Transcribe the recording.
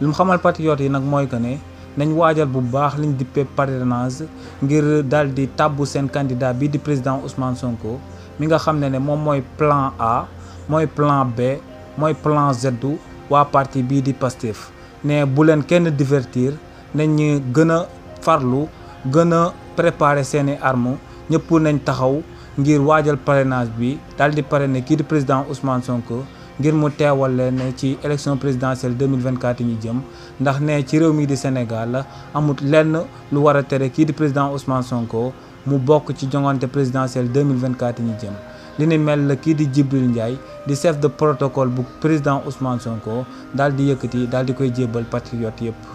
lu de xamal patriote yi nak moy que ne nañ bu baax liñ parrainage ngir candidat bi président Ousmane Sonko mi nga xamné plan A un plan B un plan Z wa parti bi di Pastef ne bu leen kenn divertir nañ gën farlu nous préparer seeni armes ñëpp nañ taxaw ngir wajal parrainage bi daldi parrainer di président Ousmane Sonko. ngir mu teewal leen ci élection présidentielle 2024 yi ñu jëm ndax ne ci réew mi di Sénégal amut lenn lu war a tere kii di président Ousmane Sonko mu bokk ci jongante présidentielle 2024 yi ñu jëm li ni mel la kii di Djibril Ndiaye di chef de protocole bu président Ousmane Sonko daal di yëkkati daal di koy jébbal patriote yëpp.